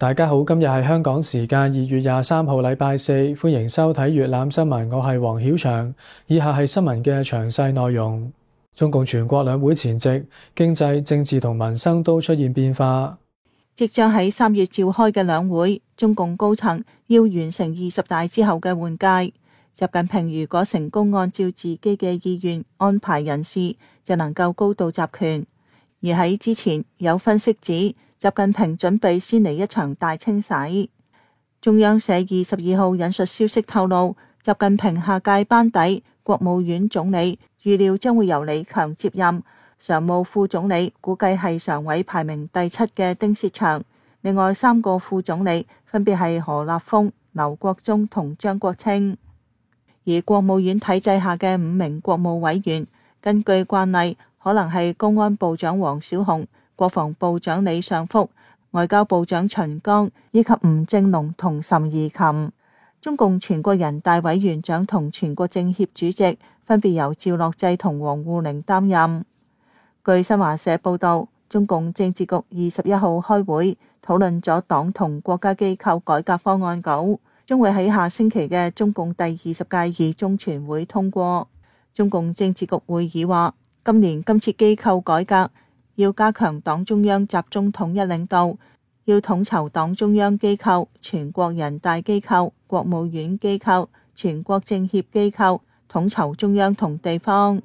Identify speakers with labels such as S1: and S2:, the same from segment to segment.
S1: 大家好，今日係香港時間二月廿三號禮拜四，歡迎收睇粵覽新聞，我係黃曉翔。以下係新聞嘅詳細內容。中共全國兩會前夕，經濟政治同民生都出現變化。
S2: 即將喺三月召開嘅兩會，中共高層要完成二十大之後嘅換屆，習近平如果成功按照自己嘅意願安排人事，就能夠高度集權，而喺之前有分析指，習近平準備先嚟一場大清洗。中央社二十二號引述消息透露，習近平下屆班底，國務院總理預料將會由李強接任，常務副總理估計係常委排名第七嘅丁薛祥。另外三個副總理分別係何立峰、劉國中同張國清。而國務院體制下嘅五名國務委員，根據慣例，可能係公安部長王小洪。國防部長李尚福、外交部長秦剛以及吳政隆同諶貽琴，中共全國人大委員長同全國政協主席分別由趙樂際同王滬寧擔任。據新華社報道，中共政治局二十一號開會討論咗黨同國家機構改革方案稿，將會喺下星期嘅中共第二十屆二中全會通過。中共政治局會議話，今年今次機構改革。要加強黨中央集中統一領導，要統籌黨中央機構、全國人大機構、國務院機構、全國政協機構，統籌中央同地方。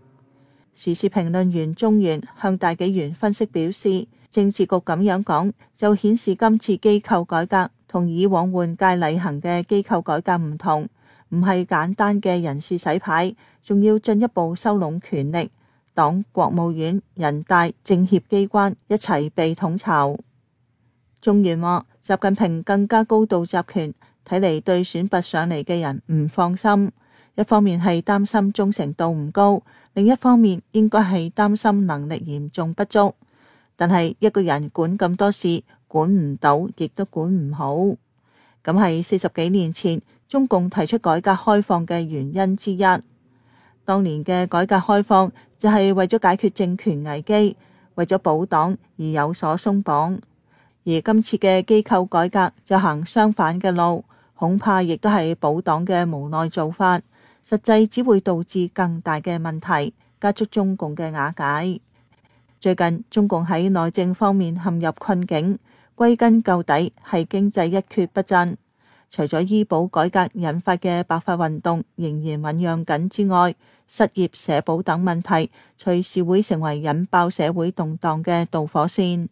S2: 時事評論員鍾原向大紀元分析表示，政治局咁樣講，就顯示今次機構改革同以往換屆例行嘅機構改革唔同，唔係簡單嘅人事洗牌，仲要進一步收攏權力。黨、國務院、人大、政協機關一齊被統籌。中原話，習近平更加高度集權，睇嚟對選拔上嚟嘅人唔放心。一方面係擔心忠誠度唔高，另一方面應該係擔心能力嚴重不足。但係一個人管咁多事，管唔到，亦都管唔好，咁係四十幾年前中共提出改革開放嘅原因之一。當年嘅改革開放。就係為咗解決政權危機，為咗保黨而有所鬆綁，而今次嘅機構改革就行相反嘅路，恐怕亦都係保黨嘅無奈做法，實際只會導致更大嘅問題，加速中共嘅瓦解。最近中共喺內政方面陷入困境，歸根究底係經濟一蹶不振，除咗醫保改革引發嘅白髮運動仍然醖釀緊之外。失業、社保等問題，隨時會成為引爆社會動盪嘅導火線。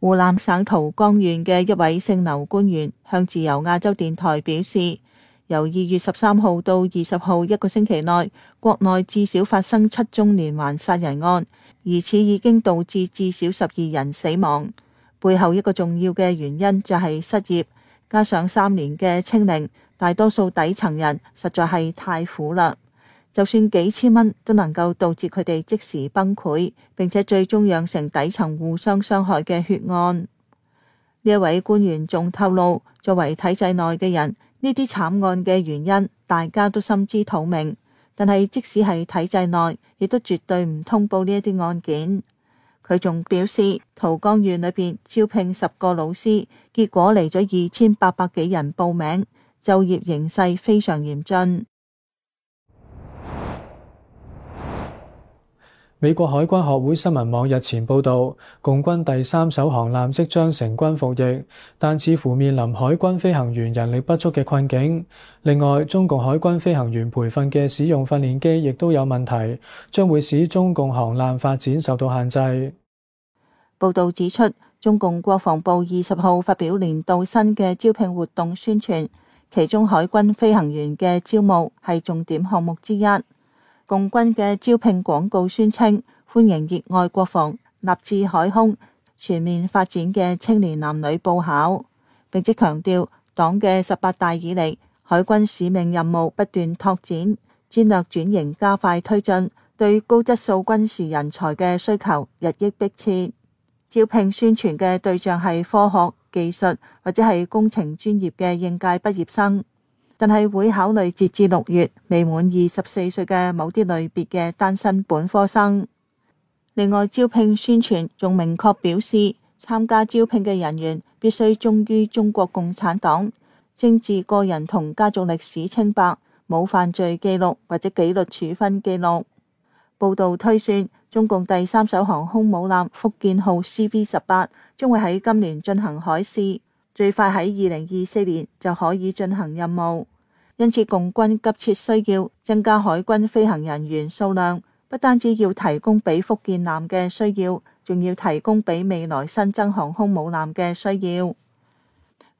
S2: 湖南省桃江縣嘅一位姓劉官員向自由亞洲電台表示，由二月十三號到二十號一個星期內，國內至少發生七宗連環殺人案，疑似已經導致至少十二人死亡。背後一個重要嘅原因就係失業，加上三年嘅清零，大多數底層人實在係太苦啦。就算幾千蚊都能夠導致佢哋即時崩潰，並且最終養成底層互相傷害嘅血案。呢一位官員仲透露，作為體制內嘅人，呢啲慘案嘅原因大家都心知肚明。但係即使係體制內，亦都絕對唔通報呢一啲案件。佢仲表示，桃江縣裏邊招聘十個老師，結果嚟咗二千八百幾人報名，就業形勢非常嚴峻。
S1: 美國海軍學會新聞網日前報道，共軍第三艘航艦即將成軍服役，但似乎面臨海軍飛行員人力不足嘅困境。另外，中共海軍飛行員培訓嘅使用訓練機亦都有問題，將會使中共航艦發展受到限制。
S2: 報道指出，中共國防部二十號發表年度新嘅招聘活動宣傳，其中海軍飛行員嘅招募係重點項目之一。共軍嘅招聘廣告宣稱，歡迎熱愛國防、立志海空、全面發展嘅青年男女報考。並且強調，黨嘅十八大以嚟，海軍使命任務不斷拓展，戰略轉型加快推進，對高質素軍事人才嘅需求日益迫切。招聘宣傳嘅對象係科學技術或者係工程專業嘅應屆畢業生。但係會考慮截至六月未滿二十四歲嘅某啲類別嘅單身本科生。另外，招聘宣傳仲明確表示，參加招聘嘅人員必須忠於中國共產黨，政治個人同家族歷史清白，冇犯罪記錄或者紀律處分記錄。報道推算，中共第三艘航空母艦福建號 CV 十八將會喺今年進行海試，最快喺二零二四年就可以進行任務。因此，共軍急切需要增加海軍飛行人員數量，不單止要提供畀福建艦嘅需要，仲要提供畀未來新增航空母艦嘅需要。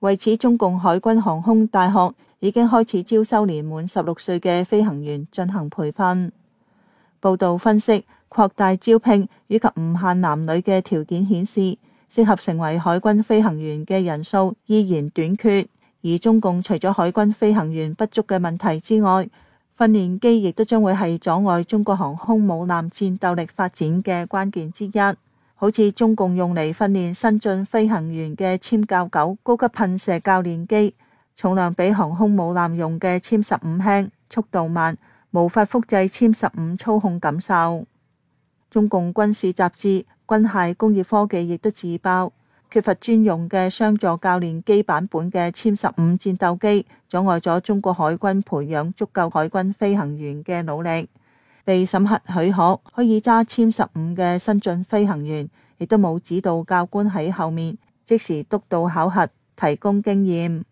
S2: 為此，中共海軍航空大學已經開始招收年滿十六歲嘅飛行員進行培訓。報道分析，擴大招聘以及唔限男女嘅條件顯示，適合成為海軍飛行員嘅人數依然短缺。而中共除咗海軍飛行員不足嘅問題之外，訓練機亦都將會係阻礙中國航空母艦戰鬥力發展嘅關鍵之一。好似中共用嚟訓練新進飛行員嘅殲教九高級噴射教練機，重量比航空母艦用嘅殲十五輕，速度慢，無法複製殲十五操控感受。中共軍事雜誌、軍械工業科技亦都自爆。缺乏專用嘅雙座教練機版本嘅殲十五戰鬥機阻礙咗中國海軍培養足夠海軍飛行員嘅努力。被審核許可，可以揸殲十五嘅新晉飛行員亦都冇指導教官喺後面，即時督導考核，提供經驗。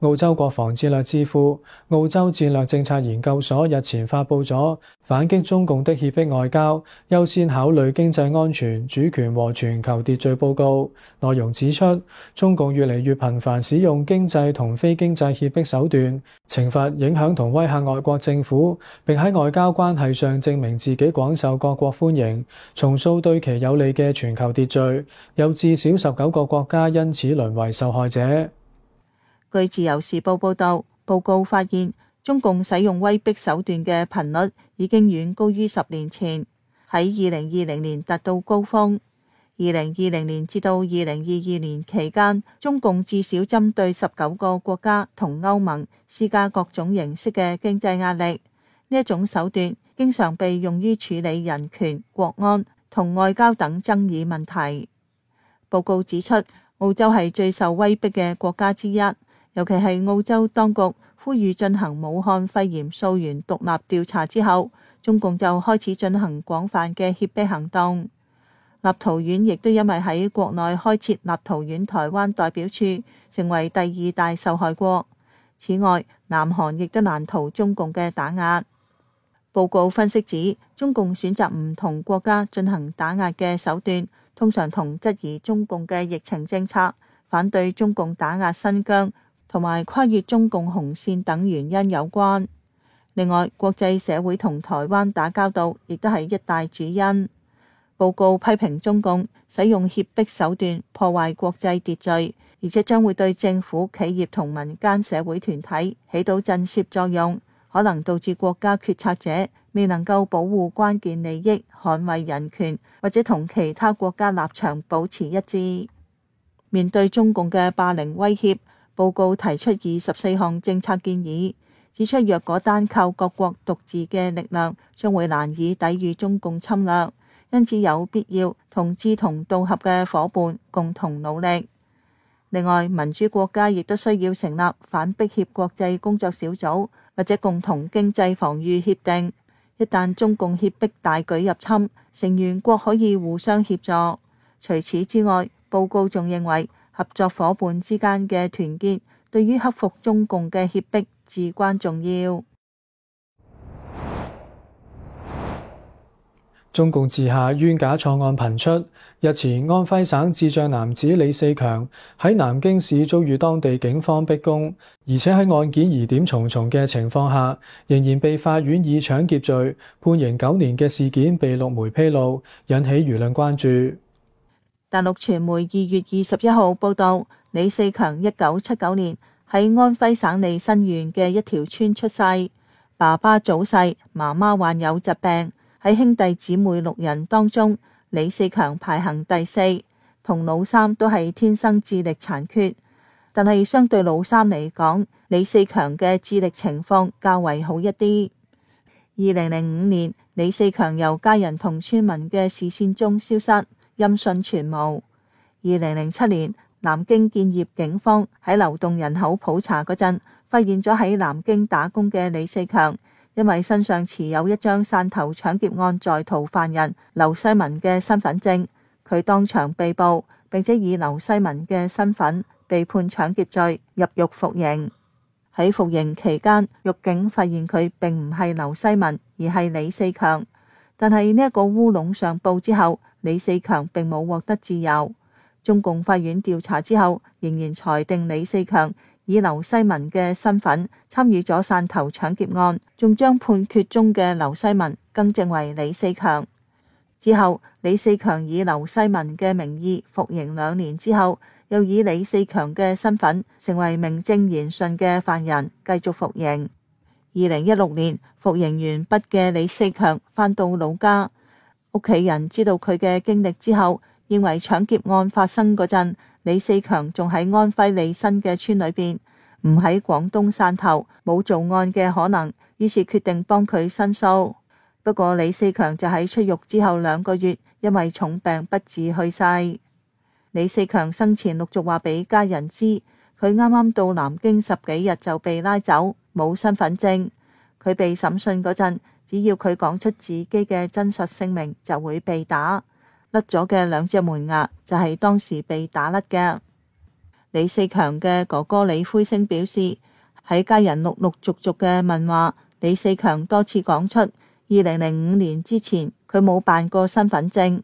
S1: 澳洲國防戰略智庫澳洲戰略政策研究所日前發佈咗《反擊中共的脅迫外交：優先考慮經濟安全、主權和全球秩序》報告，內容指出中共越嚟越頻繁使用經濟同非經濟脅迫手段，懲罰、影響同威吓外國政府，並喺外交關係上證明自己廣受各國歡迎，重塑對其有利嘅全球秩序。有至少十九個國家因此淪為受害者。
S2: 據自由時報報道，報告發現中共使用威逼手段嘅頻率已經遠高於十年前，喺二零二零年達到高峰。二零二零年至到二零二二年期間，中共至少針對十九個國家同歐盟施加各種形式嘅經濟壓力。呢一種手段經常被用於處理人權、國安同外交等爭議問題。報告指出，澳洲係最受威逼嘅國家之一。尤其係澳洲當局呼籲進行武漢肺炎溯源獨立調查之後，中共就開始進行廣泛嘅脅迫行動。立陶宛亦都因為喺國內開設立陶宛台灣代表處，成為第二大受害國。此外，南韓亦都難逃中共嘅打壓。報告分析指，中共選擇唔同國家進行打壓嘅手段，通常同質疑中共嘅疫情政策，反對中共打壓新疆，同埋跨越中共紅線等原因有關。另外，國際社會同台灣打交道，亦都係一大主因。報告批評中共使用脅迫手段破壞國際秩序，而且將會對政府、企業同民間社會團體起到震懾作用，可能導致國家決策者未能夠保護關鍵利益、捍衛人權或者同其他國家立場保持一致。面對中共嘅霸凌威脅。報告提出二十四項政策建議，指出若果單靠各國獨自嘅力量，將會難以抵禦中共侵略，因此有必要同志同道合嘅伙伴共同努力。另外，民主國家亦都需要成立反逼協協國際工作小組或者共同經濟防禦協定。一旦中共脅迫大舉入侵，成員國可以互相協助。除此之外，報告仲認為。合作伙伴之間嘅團結，對於克服中共嘅脅迫至關重要。
S1: 中共治下冤假錯案頻出，日前安徽省智障男子李四強喺南京市遭遇當地警方逼供，而且喺案件疑點重重嘅情況下，仍然被法院以搶劫罪判刑九年嘅事件被陸媒披露，引起輿論關注。
S2: 大陸傳媒二月二十一號報道，李四強一九七九年喺安徽省利辛縣嘅一條村出世，爸爸早逝，媽媽患有疾病，喺兄弟姊妹六人當中，李四強排行第四，同老三都係天生智力殘缺，但係相對老三嚟講，李四強嘅智力情況較為好一啲。二零零五年，李四強由家人同村民嘅視線中消失。音信全無。二零零七年，南京建業警方喺流動人口普查嗰陣，發現咗喺南京打工嘅李四強，因為身上持有一張汕頭搶劫案在逃犯人劉西文嘅身份證，佢當場被捕，並且以劉西文嘅身份被判搶劫罪入獄服刑。喺服刑期間，獄警發現佢並唔係劉西文，而係李四強。但係呢一個烏龍上報之後。李四強並冇獲得自由，中共法院調查之後，仍然裁定李四強以劉西文嘅身份參與咗汕頭搶劫案，仲將判決中嘅劉西文更正為李四強。之後，李四強以劉西文嘅名義服刑兩年之後，又以李四強嘅身份成為名正言順嘅犯人，繼續服刑。二零一六年，服刑完畢嘅李四強返到老家。屋企人知道佢嘅經歷之後，認為搶劫案發生嗰陣，李四強仲喺安徽利辛嘅村裏邊，唔喺廣東汕頭，冇做案嘅可能，於是決定幫佢申訴。不過李四強就喺出獄之後兩個月，因為重病不治去世。李四強生前陸續話俾家人知，佢啱啱到南京十幾日就被拉走，冇身份證，佢被審訊嗰陣。只要佢講出自己嘅真實姓名，就會被打。甩咗嘅兩隻門牙就係當時被打甩嘅。李四強嘅哥哥李輝星表示，喺家人陸陸續續嘅問話，李四強多次講出，二零零五年之前佢冇辦過身份證。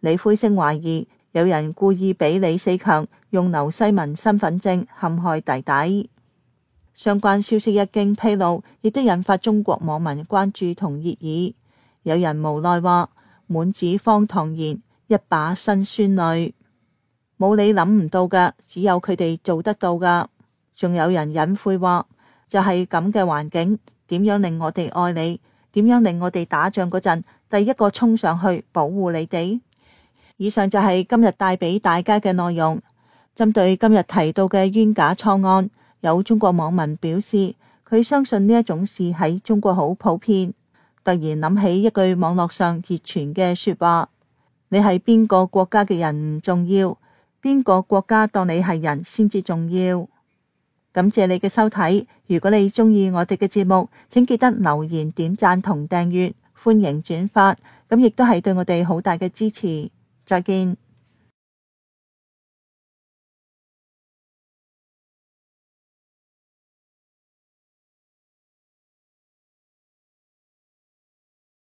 S2: 李輝星懷疑有人故意俾李四強用劉西文身份證陷害弟弟。相關消息一經披露，亦都引發中國網民關注同熱議。有人無奈話：滿紙荒唐言，一把辛酸淚，冇你諗唔到㗎，只有佢哋做得到㗎。仲有人隱晦話：就係咁嘅環境，點樣令我哋愛你？點樣令我哋打仗嗰陣，第一個衝上去保護你哋？以上就係今日帶俾大家嘅內容。針對今日提到嘅冤假錯案。有中國網民表示，佢相信呢一種事喺中國好普遍。突然諗起一句網絡上熱傳嘅說話：你係邊個國家嘅人唔重要，邊個國家當你係人先至重要。感謝你嘅收睇，如果你鍾意我哋嘅節目，請記得留言、點讚同訂閱，歡迎轉發，咁亦都係對我哋好大嘅支持。再見。